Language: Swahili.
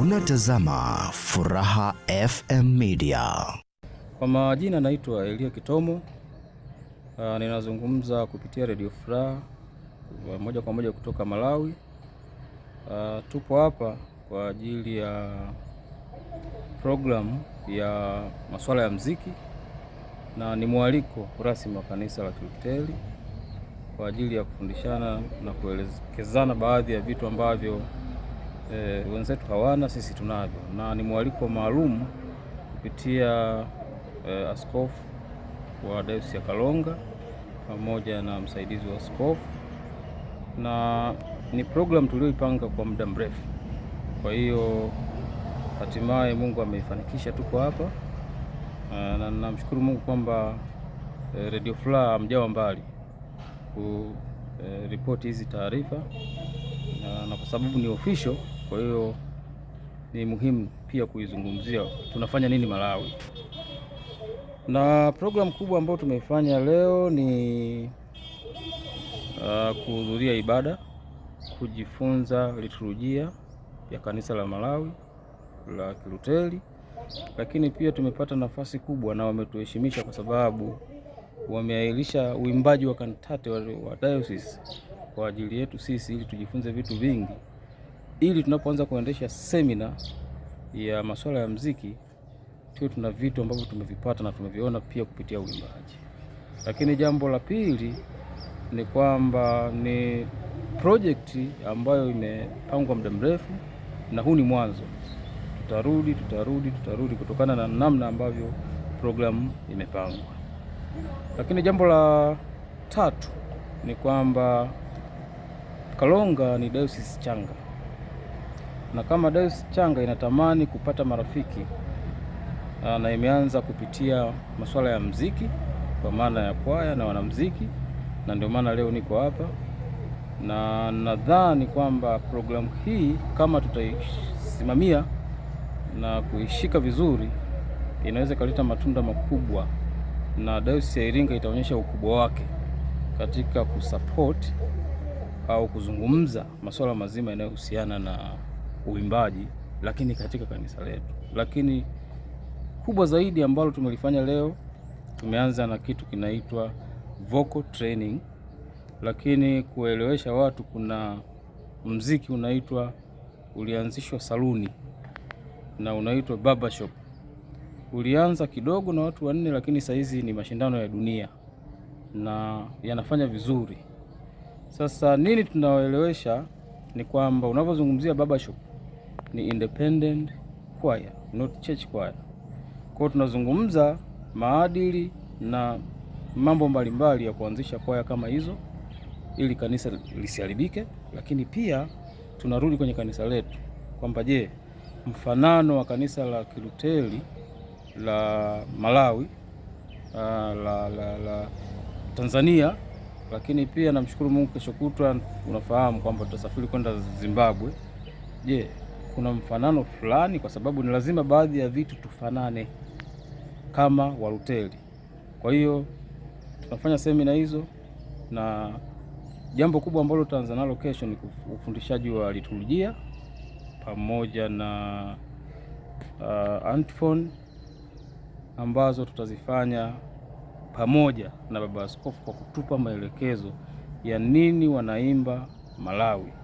Unatazama Furaha FM Media. Kwa majina naitwa Elia Kitomo. Uh, ninazungumza kupitia Radio Furaha moja kwa moja kutoka Malawi. Uh, tupo hapa kwa ajili ya programu ya masuala ya mziki na ni mwaliko rasmi wa kanisa la Kilutheri kwa ajili ya kufundishana na kuelekezana baadhi ya vitu ambavyo e, wenzetu hawana, sisi tunavyo, na ni mwaliko maalum kupitia e, askofu wa dayosisi ya Kalonga pamoja na msaidizi wa askofu, na ni programu tulioipanga kwa muda mrefu. Kwa hiyo hatimaye Mungu ameifanikisha, tuko hapa eh, na namshukuru Mungu kwamba e, Radio Furaha mjawa mbali ku e, hizi taarifa na, na kwa sababu ni official kwa hiyo ni muhimu pia kuizungumzia tunafanya nini Malawi. Na programu kubwa ambayo tumeifanya leo ni uh, kuhudhuria ibada, kujifunza liturujia ya kanisa la Malawi la Kiluteli, lakini pia tumepata nafasi kubwa na wametuheshimisha kwa sababu wameahirisha uimbaji wa kantate wa diocese kwa ajili yetu sisi ili tujifunze vitu vingi ili tunapoanza kuendesha semina ya masuala ya mziki tuwe tuna vitu ambavyo tumevipata na tumeviona pia kupitia uimbaji. Lakini jambo la pili ni kwamba ni project ambayo imepangwa muda mrefu na huu ni mwanzo. Tutarudi, tutarudi, tutarudi kutokana na namna ambavyo programu imepangwa. Lakini jambo la tatu ni kwamba Kalonga ni dayosisi changa na kama Davis Changa inatamani kupata marafiki ah, na imeanza kupitia masuala ya mziki kwa maana ya kwaya na wanamziki, na ndio maana leo niko hapa, na nadhani kwamba programu hii kama tutaisimamia na kuishika vizuri inaweza ikaleta matunda makubwa, na Dayosisi ya Iringa itaonyesha ukubwa wake katika kusupport au kuzungumza masuala mazima yanayohusiana na uimbaji, lakini katika kanisa letu. Lakini kubwa zaidi ambalo tumelifanya leo, tumeanza na kitu kinaitwa vocal training, lakini kuelewesha watu, kuna mziki unaitwa ulianzishwa saluni na unaitwa barbershop. Ulianza kidogo na watu wanne, lakini sasa hizi ni mashindano ya dunia na yanafanya vizuri. Sasa nini tunawaelewesha ni kwamba unavyozungumzia barbershop ni independent choir, not church choir. Kwa tunazungumza maadili na mambo mbalimbali ya kuanzisha kwaya kama hizo ili kanisa lisiharibike, lakini pia tunarudi kwenye kanisa letu kwamba je, mfanano wa kanisa la Kiluteri la Malawi la, ah, la, la, la Tanzania, lakini pia namshukuru Mungu, kesho kutwa unafahamu kwamba tutasafiri kwenda Zimbabwe. Je, kuna mfanano fulani, kwa sababu ni lazima baadhi ya vitu tufanane kama Waruteli. Kwa hiyo tunafanya semina hizo, na jambo kubwa ambalo tutaanza nalo kesho ni ufundishaji wa liturujia pamoja na uh, antifoni ambazo tutazifanya pamoja na baba askofu kwa kutupa maelekezo ya nini wanaimba Malawi.